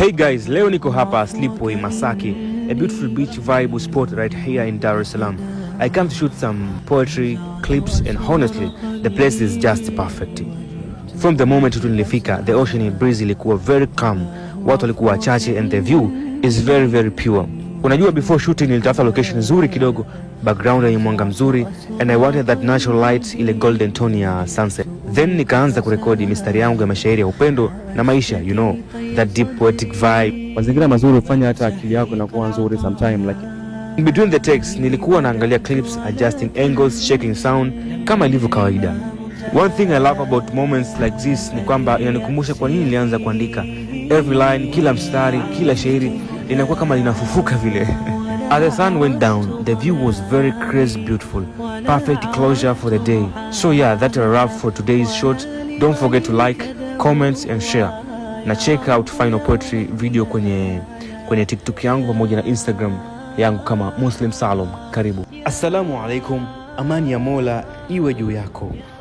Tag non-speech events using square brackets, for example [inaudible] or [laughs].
Hey guys, leo niko hapa Slipway Masaki, a beautiful beach vibe spot right here in Dar es Salaam. I come to shoot some poetry clips and honestly, the place is just perfect. From the moment tu nilifika, the ocean breeze ilikuwa very calm. Watu walikuwa wachache and the view is very very pure. Unajua, before shooting nilitafuta location nzuri kidogo, background yenye mwanga mzuri and I wanted that natural light, ile golden tone ya sunset. Then nikaanza kurekodi mistari yangu ya mashairi ya upendo na maisha, you know that deep poetic vibe. Mazingira mazuri hufanya hata akili yako inakuwa nzuri sometime like in between the takes nilikuwa naangalia clips, adjusting angles, shaking sound kama ilivyo kawaida. One thing I love about moments like this ni kwamba inanikumbusha kwa nini nilianza kuandika. Every line, kila mstari, kila shairi inakuwa kama linafufuka vile. [laughs] As the sun went down, the view was very crazy beautiful. Perfect closure for the day. So yeah, that's a wrap for today's short. Don't forget to like, comment and share na check out Final Poetry video kwenye, kwenye TikTok yangu pamoja na Instagram yangu kama Muslim salom Karibu. Assalamu alaikum, amani ya Mola iwe juu yako.